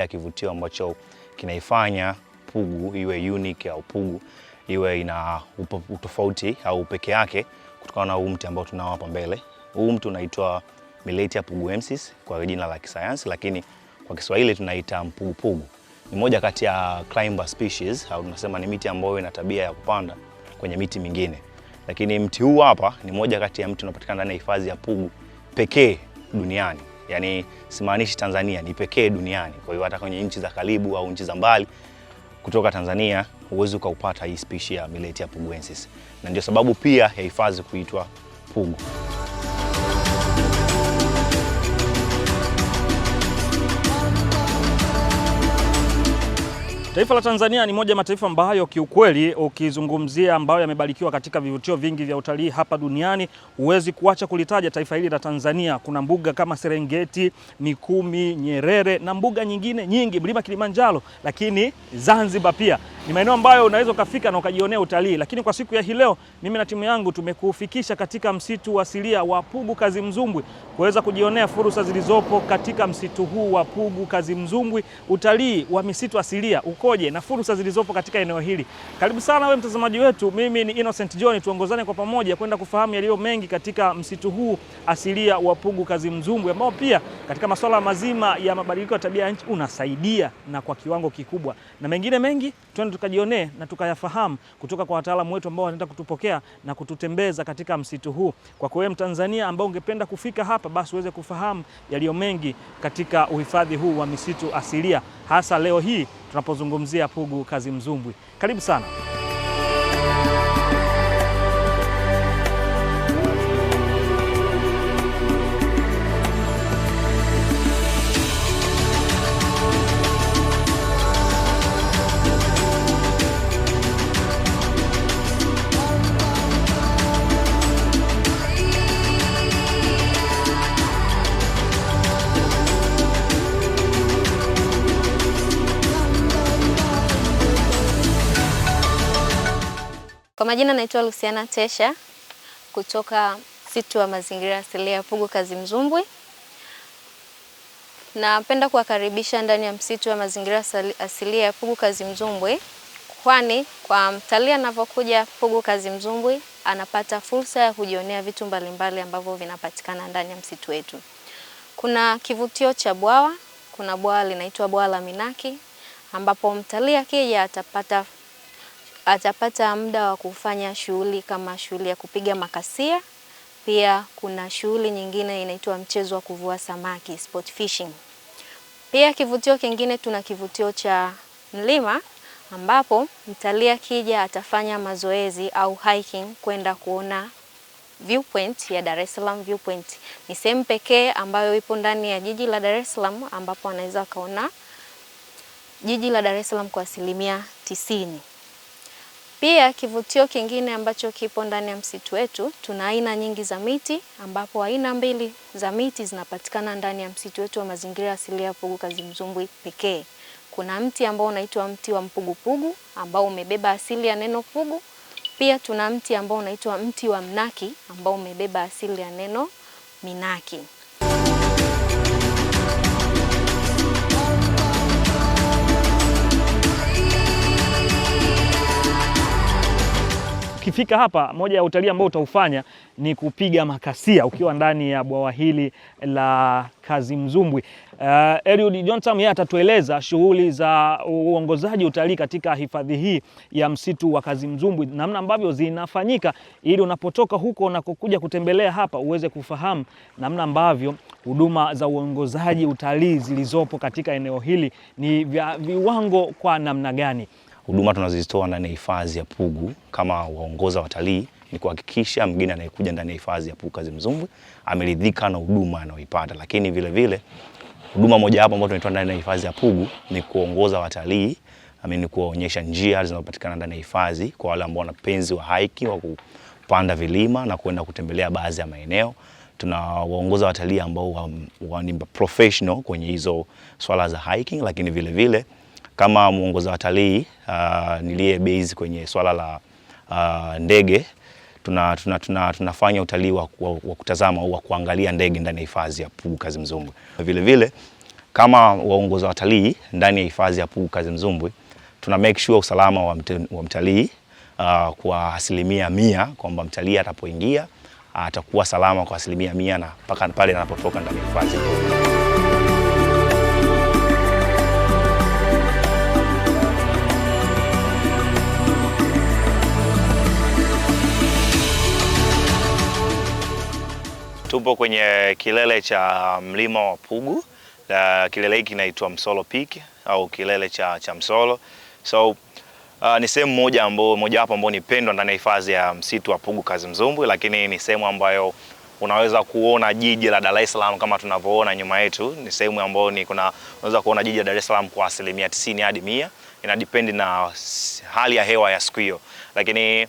moja ya kivutio ambacho kinaifanya Pugu iwe unique au Pugu iwe ina utofauti au peke yake kutokana na huu mti ambao tunao hapa mbele. Huu mti unaitwa Miletia puguensis kwa jina la kisayansi, lakini kwa Kiswahili tunaita mpugupugu. Ni moja kati ya climber species au tunasema ni miti ambayo ina tabia ya kupanda kwenye miti mingine, lakini mti huu hapa ni moja kati ya mti unaopatikana ndani ya hifadhi ya Pugu pekee duniani yani simaanishi Tanzania ni pekee duniani. Kwa hiyo hata kwenye nchi za karibu au nchi za mbali kutoka Tanzania huwezi ukaupata hii spishi ya Miletia pugwensis, na ndio sababu pia ya hifadhi kuitwa Pugu. Taifa la Tanzania ni moja ya mataifa ambayo kiukweli, ukizungumzia ambayo yamebarikiwa katika vivutio vingi vya utalii hapa duniani, huwezi kuacha kulitaja taifa hili la Tanzania. Kuna mbuga kama Serengeti, Mikumi, Nyerere na mbuga nyingine nyingi, mlima Kilimanjaro, lakini Zanzibar pia ni maeneo ambayo unaweza ukafika na ukajionea utalii, lakini kwa siku ya hii leo mimi na timu yangu tumekufikisha katika msitu asilia wa Pugu Kazi Kazimzumbwi kuweza kujionea fursa zilizopo katika msitu huu wa Pugu Kazi Kazimzumbwi. Utalii wa misitu asilia ukoje na fursa zilizopo katika eneo hili? Karibu sana wewe mtazamaji wetu, mimi ni Innocent John, tuongozane kwa pamoja kwenda kufahamu yaliyo mengi katika msitu huu asilia wa Pugu Kazi Kazimzumbwi ambao pia katika masuala mazima ya mabadiliko ya tabia ya nchi unasaidia na kwa kiwango kikubwa na mengine mengi tuende tuende tukajionee na tukayafahamu kutoka kwa wataalamu wetu ambao wanaenda kutupokea na kututembeza katika msitu huu. Kwako wewe Mtanzania ambao ungependa kufika hapa, basi uweze kufahamu yaliyo mengi katika uhifadhi huu wa misitu asilia, hasa leo hii tunapozungumzia Pugu Kazimzumbwi. Karibu sana. majina naitwa Luciana Tesha kutoka msitu wa mazingira asilia ya Pugu kazi mzumbwi Napenda kuwakaribisha ndani ya msitu wa mazingira asilia ya Pugu kazi mzumbwi kwani kwa mtalii anapokuja Pugu kazi mzumbwi anapata fursa ya kujionea vitu mbalimbali ambavyo vinapatikana ndani ya msitu wetu. Kuna kivutio cha bwawa, kuna bwawa linaitwa bwawa la Minaki ambapo mtalii akija atapata atapata muda wa kufanya shughuli kama shughuli ya kupiga makasia. Pia kuna shughuli nyingine inaitwa mchezo wa kuvua samaki, sport fishing. Pia kivutio kingine tuna kivutio cha mlima ambapo mtalii akija atafanya mazoezi au hiking kwenda kuona viewpoint ya Dar es Salaam viewpoint. Ni sehemu pekee ambayo ipo ndani ya jiji la Dar es Salaam ambapo anaweza akaona jiji la Dar es Salaam kwa asilimia tisini. Pia kivutio kingine ambacho kipo ndani ya msitu wetu, tuna aina nyingi za miti ambapo aina mbili za miti zinapatikana ndani ya msitu wetu wa mazingira asilia ya Pugu Kazimzumbwi pekee. Kuna mti ambao unaitwa mti wa mpugupugu ambao umebeba asili ya neno pugu. Pia tuna mti ambao unaitwa mti wa mnaki ambao umebeba asili ya neno minaki. ukifika hapa, moja ya utalii ambao utaufanya ni kupiga makasia ukiwa ndani ya bwawa hili la Kazimzumbwi. Uh, Eliud John yeye atatueleza shughuli za uongozaji utalii katika hifadhi hii ya msitu wa Kazimzumbwi, namna ambavyo zinafanyika, ili unapotoka huko kukuja kutembelea hapa uweze kufahamu namna ambavyo huduma za uongozaji utalii zilizopo katika eneo hili ni vya viwango kwa namna gani huduma tunazozitoa ndani ya hifadhi ya Pugu kama waongoza watalii ni kuhakikisha mgeni anayekuja ndani ya hifadhi ya Pugu Kazimzumbwi ameridhika na huduma anayoipata, lakini vile vile huduma moja hapo ambayo tunaitoa ndani ya hifadhi ya Pugu ni kuongoza watalii amini, kuwaonyesha njia zinazopatikana ndani ya hifadhi kwa wale ambao wanapenzi wa haiki wa kupanda vilima na kwenda kutembelea baadhi ya maeneo. Tunawaongoza watalii ambao wa, wa, ni professional kwenye hizo swala za hiking, lakini vile vile kama mwongoza watalii uh, ah, niliye base kwenye swala la uh, ndege tuna, tuna, tuna, tunafanya utalii wa, wa, wa kutazama au wa kuangalia ndege ndani ya hifadhi ya Pugu Kazi Mzumbwi. Vile vile kama waongoza watalii ndani ya hifadhi ya Pugu Kazi Mzumbwi tuna make sure usalama wa, mte, wa mtalii uh, kwa asilimia mia kwamba mtalii atapoingia atakuwa salama kwa asilimia mia na mpaka pale anapotoka ndani ya hifadhi. Tupo kwenye kilele cha mlima wa Pugu. Uh, kilele hiki kinaitwa Msolo Peak au kilele cha, cha Msolo. So uh, ni sehemu moja ambayo hapo ambayo ni pendwa ndani ya hifadhi ya msitu wa Pugu Kazimzumbwi, lakini ni sehemu ambayo unaweza kuona jiji la Dar es Salaam kama tunavyoona nyuma yetu. Ni sehemu ambayo ni kuna unaweza kuona jiji la Dar es Salaam kwa asilimia tisini hadi mia, ina depend na hali ya hewa ya siku hiyo, lakini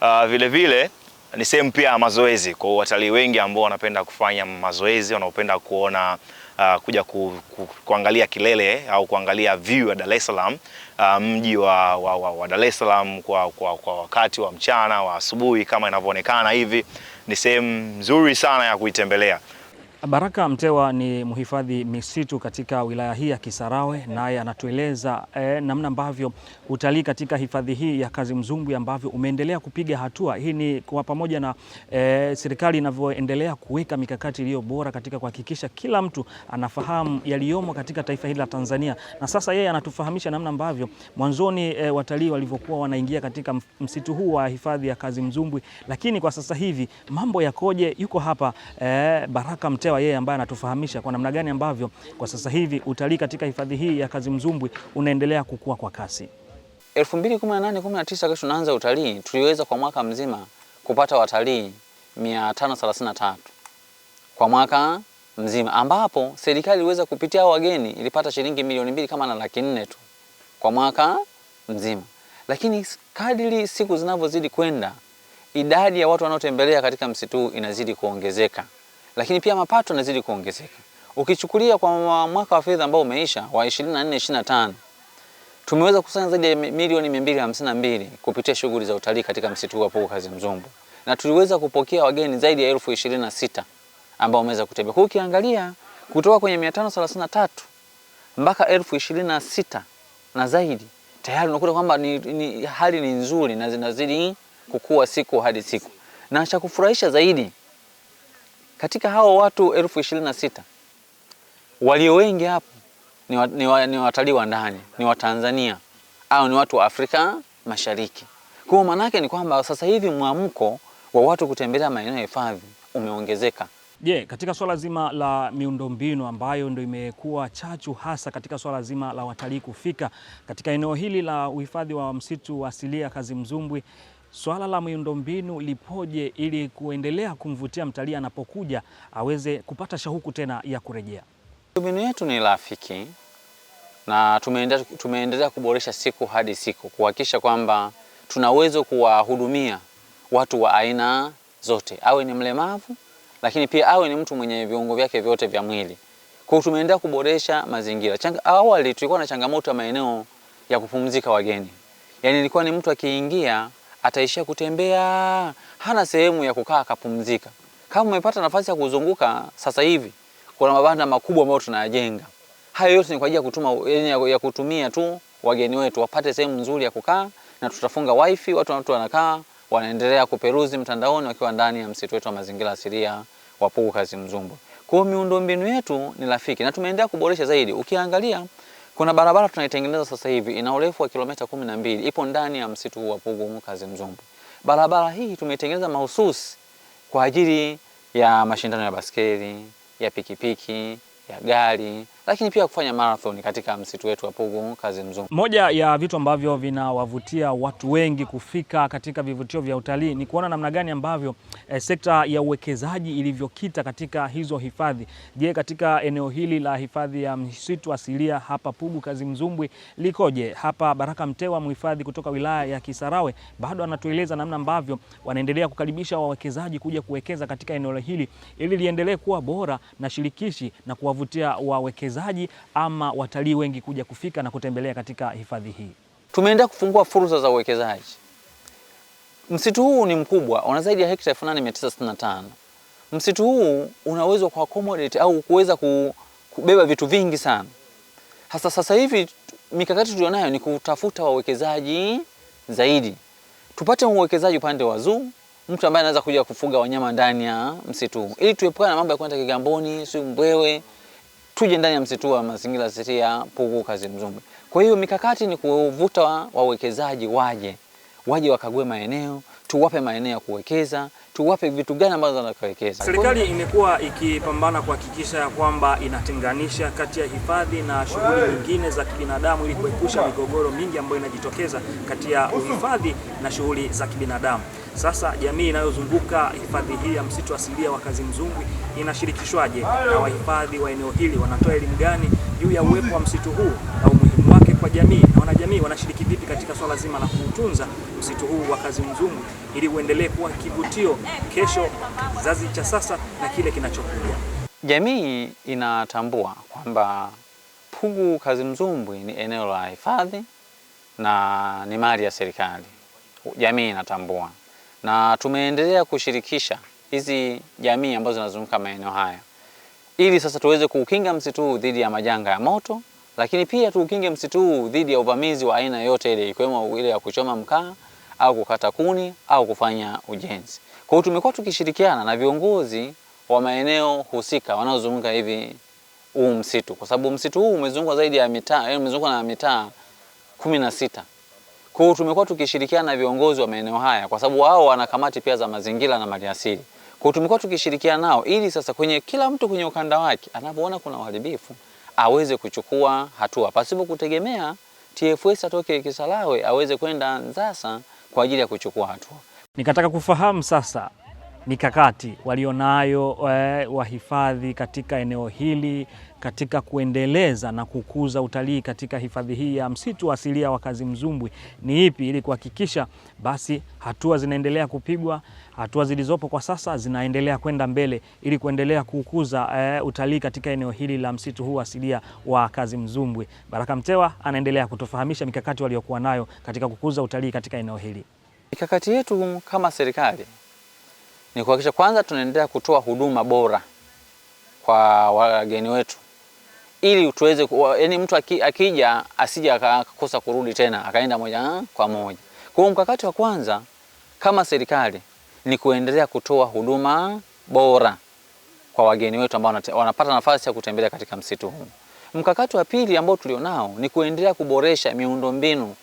uh, vile vile ni sehemu pia ya mazoezi kwa watalii wengi ambao wanapenda kufanya mazoezi, wanaopenda kuona uh, kuja ku, ku, kuangalia kilele eh, au kuangalia view ya Dar es Salaam uh, mji wa, wa, wa, wa Dar es Salaam kwa, kwa, kwa wakati wa mchana wa asubuhi kama inavyoonekana hivi, ni sehemu nzuri sana ya kuitembelea. Baraka Mtewa ni mhifadhi misitu katika wilaya hii ya Kisarawe, naye anatueleza eh, namna ambavyo utalii katika hifadhi hii ya Kazimzumbwi ambavyo umeendelea kupiga hatua. Hii ni kwa pamoja na eh, serikali inavyoendelea kuweka mikakati iliyo bora katika kuhakikisha kila mtu anafahamu yaliyomo katika taifa hili la Tanzania, na sasa yeye anatufahamisha namna ambavyo mwanzoni eh, watalii walivyokuwa wanaingia katika msitu huu wa hifadhi ya Kazimzumbwi, lakini kwa sasa hivi mambo yakoje? Yuko hapa eh, Baraka Mtewa kuelewa yeye ambaye anatufahamisha kwa namna gani ambavyo kwa sasa hivi utalii katika hifadhi hii ya Kazimzumbwi unaendelea kukua kwa kasi. 2018 19 kesho tunaanza utalii, tuliweza kwa mwaka mzima kupata watalii 533 kwa mwaka mzima, ambapo serikali iliweza kupitia wageni ilipata shilingi milioni mbili kama na laki nne tu kwa mwaka mzima, lakini kadiri siku zinavyozidi kwenda idadi ya watu wanaotembelea katika msitu inazidi kuongezeka lakini pia mapato yanazidi kuongezeka. Ukichukulia kwa mwaka wa fedha ambao umeisha wa 24 25 tumeweza kukusanya zaidi ya milioni 252 kupitia shughuli za utalii katika msitu wa Pugu Kazimzumbwi, na tuliweza kupokea wageni zaidi ya elfu ishirini ambao wameweza kutembea. Kwa ukiangalia kutoka kwenye 533 mpaka elfu ishirini na zaidi, tayari unakuta kwamba ni, ni, hali ni nzuri na zinazidi kukua siku hadi siku, na cha kufurahisha zaidi katika hao watu elfu ishirini na sita walio wengi hapo ni, wa, ni, wa, ni watalii wa ndani, ni Watanzania au ni watu wa Afrika Mashariki. Kwa maana yake ni kwamba sasa hivi mwamko wa watu kutembelea maeneo ya hifadhi umeongezeka. Je, yeah, katika swala zima la miundombinu ambayo ndio imekuwa chachu hasa katika swala zima la watalii kufika katika eneo hili la uhifadhi wa msitu wa asilia Kazimzumbwi swala la miundombinu lipoje ili kuendelea kumvutia mtalii anapokuja aweze kupata shauku tena ya kurejea? Miundombinu yetu ni rafiki na tumeendelea tumeendelea kuboresha siku hadi siku kuhakikisha kwamba tuna uwezo kuwahudumia watu wa aina zote, awe ni mlemavu lakini pia awe ni mtu mwenye viungo vyake vyote vya mwili. Kwa hiyo tumeendelea kuboresha mazingira. Changa, awali tulikuwa na changamoto ya maeneo ya kupumzika wageni, yaani ilikuwa ni mtu akiingia ataishia kutembea, hana sehemu ya kukaa akapumzika. Kama umepata nafasi ya kuzunguka, sasa hivi kuna mabanda makubwa ambayo tunayajenga. Hayo yote ni kwa ajili ya kutuma, ya kutumia tu wageni wetu wapate sehemu nzuri ya kukaa, na tutafunga wifi, watu watu wanakaa wanaendelea kuperuzi mtandaoni wakiwa ndani ya msitu wetu wa mazingira asilia wa Pugu Kazi Kwa hiyo miundombinu yetu ni rafiki na tumeendelea kuboresha zaidi. Ukiangalia kuna barabara tunaitengeneza sasa hivi ina urefu wa kilomita kumi na mbili ipo ndani ya msitu wa Pugu Mkazi Mzumbe. Barabara hii tumeitengeneza mahususi kwa ajili ya mashindano ya baskeli, ya pikipiki, ya gari lakini pia kufanya marathon katika msitu wetu wa Pugu Kazimzugu. Moja ya vitu ambavyo vinawavutia watu wengi kufika katika vivutio vya utalii ni kuona namna gani ambavyo eh, sekta ya uwekezaji ilivyokita katika hizo hifadhi. Je, katika eneo hili la hifadhi ya msitu asilia hapa Pugu kazi mzumbwi likoje? Hapa Baraka Mtewa, mhifadhi kutoka wilaya ya Kisarawe, bado anatueleza namna ambavyo wanaendelea kukaribisha wawekezaji kuja kuwekeza katika eneo hili ili liendelee kuwa bora na shirikishi na kuwavutia wawekezaji wawekezaji ama watalii wengi kuja kufika na kutembelea katika hifadhi hii? Tumeenda kufungua fursa za uwekezaji. Msitu huu ni mkubwa, una zaidi ya hekta 8965. Msitu huu una uwezo ku accommodate au kuweza kubeba vitu vingi sana. Hasa sasa hivi mikakati tulionayo ni kutafuta wawekezaji zaidi, tupate uwekezaji upande wa zoo, mtu ambaye anaweza kuja kufuga wanyama ndani ya msitu huu, ili tuepukane na mambo ya kwenda Kigamboni, si Mbwewe tuje ndani ya msitu wa mazingira ya Pugu kazi mzumbe Kwa hiyo mikakati ni kuvuta wawekezaji waje waje wakague maeneo, tuwape maeneo ya kuwekeza, tuwape vitu gani ambazo wanakawekeza. Serikali imekuwa ikipambana kuhakikisha ya kwamba inatenganisha kati ya hifadhi na shughuli nyingine za kibinadamu ili kuepusha migogoro mingi ambayo inajitokeza kati ya uhifadhi na shughuli za kibinadamu. Sasa jamii inayozunguka hifadhi hii ya msitu asilia wa Kazimzumbwi inashirikishwaje na wahifadhi wa eneo hili wanatoa elimu gani juu ya uwepo wa msitu huu na umuhimu wake kwa jamii na wanajamii wanashiriki vipi katika swala zima la kuutunza msitu huu wa Kazimzumbwi ili uendelee kuwa kivutio kesho, kizazi cha sasa na kile kinachokuja? Jamii inatambua kwamba Pugu Kazimzumbwi ni eneo la hifadhi na ni mali ya serikali. Jamii inatambua na tumeendelea kushirikisha hizi jamii ambazo zinazunguka maeneo haya ili sasa tuweze kuukinga msitu huu dhidi ya majanga ya moto, lakini pia tuukinge msitu huu dhidi ya uvamizi wa aina yote ile, ikiwemo ile ya kuchoma mkaa au kukata kuni au kufanya ujenzi. Kwa hiyo tumekuwa tukishirikiana na viongozi wa maeneo husika wanaozunguka hivi huu msitu, kwa sababu msitu huu umezungukwa zaidi ya mitaa, yaani umezungukwa na mitaa kumi na sita. Kwa hiyo tumekuwa tukishirikiana na viongozi wa maeneo haya kwa sababu wao wana kamati pia za mazingira na maliasili. Kwa hiyo tumekuwa tukishirikiana nao ili sasa kwenye kila mtu kwenye ukanda wake anapoona kuna uharibifu aweze kuchukua hatua pasipo kutegemea TFS atoke Kisarawe aweze kwenda Nzasa kwa ajili ya kuchukua hatua. Nikataka kufahamu sasa mikakati walionayo eh, wahifadhi katika eneo hili katika kuendeleza na kukuza utalii katika hifadhi hii ya msitu asilia wa Kazimzumbwi ni ipi, ili kuhakikisha basi hatua zinaendelea kupigwa, hatua zilizopo kwa sasa zinaendelea kwenda mbele ili kuendelea kukuza eh, utalii katika eneo hili la msitu huu asilia wa Kazimzumbwi. Baraka Mtewa anaendelea kutufahamisha mikakati waliokuwa nayo katika kukuza utalii katika eneo hili. Mikakati yetu kama serikali ni kuhakikisha kwanza tunaendelea kutoa huduma bora kwa wageni wetu ili tuweze yaani, mtu akija asije akakosa kurudi tena akaenda moja ah, kwa moja. Kwa mkakati wa kwanza kama serikali ni kuendelea kutoa huduma bora kwa wageni wetu ambao wanapata nafasi ya kutembelea katika msitu huu. Mkakati wa pili ambao tulionao ni kuendelea kuboresha miundombinu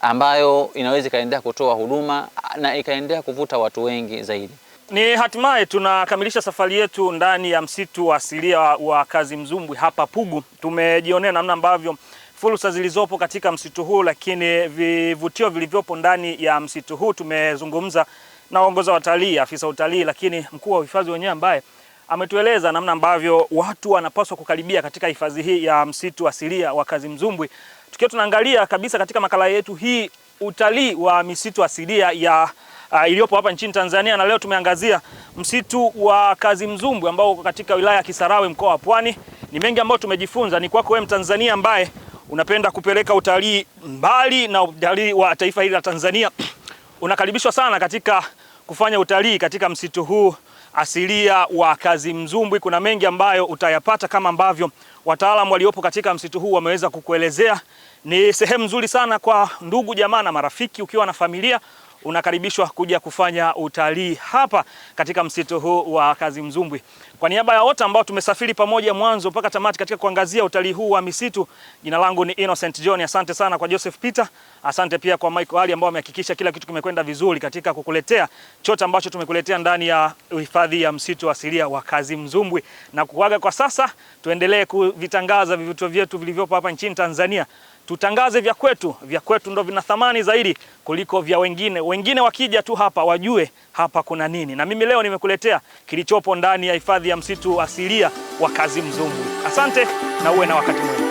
ambayo inaweza ikaendelea kutoa huduma ah, na ikaendelea kuvuta watu wengi zaidi. Ni hatimaye tunakamilisha safari yetu ndani ya msitu wa asilia wa kazi mzumbwi hapa Pugu. Tumejionea namna ambavyo fursa zilizopo katika msitu huu, lakini vivutio vilivyopo ndani ya msitu huu. Tumezungumza na waongoza watalii, afisa utalii, lakini mkuu wa hifadhi wenyewe ambaye ametueleza namna ambavyo watu wanapaswa kukaribia katika hifadhi hii ya msitu asilia wa kazi mzumbwi tukiwa tunaangalia kabisa katika makala yetu hii utalii wa misitu asilia ya uh, iliyopo hapa nchini Tanzania, na leo tumeangazia msitu wa Kazi Mzumbwi ambao uko katika wilaya ya Kisarawe mkoa wa Pwani. Ni mengi ambayo tumejifunza. Ni kwako wewe Mtanzania ambaye unapenda kupeleka utalii mbali na utalii wa taifa hili la Tanzania, unakaribishwa sana katika kufanya utalii katika msitu huu asilia wa Kazi Mzumbwi. Kuna mengi ambayo utayapata kama ambavyo wataalamu waliopo katika msitu huu wameweza kukuelezea. Ni sehemu nzuri sana kwa ndugu jamaa na marafiki, ukiwa na familia unakaribishwa kuja kufanya utalii hapa katika msitu huu wa Kazimzumbwi. Kwa niaba ya wote ambao tumesafiri pamoja mwanzo mpaka tamati katika kuangazia utalii huu wa misitu, jina langu ni Innocent John. Asante sana kwa Joseph Peter, asante pia kwa Michael Ali ambao amehakikisha kila kitu kimekwenda vizuri katika kukuletea chote ambacho tumekuletea ndani ya hifadhi ya msitu asilia wa Kazimzumbwi na kuaga kwa sasa. Tuendelee kuvitangaza vivutio vyetu vilivyopo hapa nchini Tanzania tutangaze vya kwetu. Vya kwetu ndo vina thamani zaidi kuliko vya wengine. Wengine wakija tu hapa wajue hapa kuna nini, na mimi leo nimekuletea kilichopo ndani ya hifadhi ya msitu asilia wa Kazimzumbwi. Asante na uwe na wakati mwema.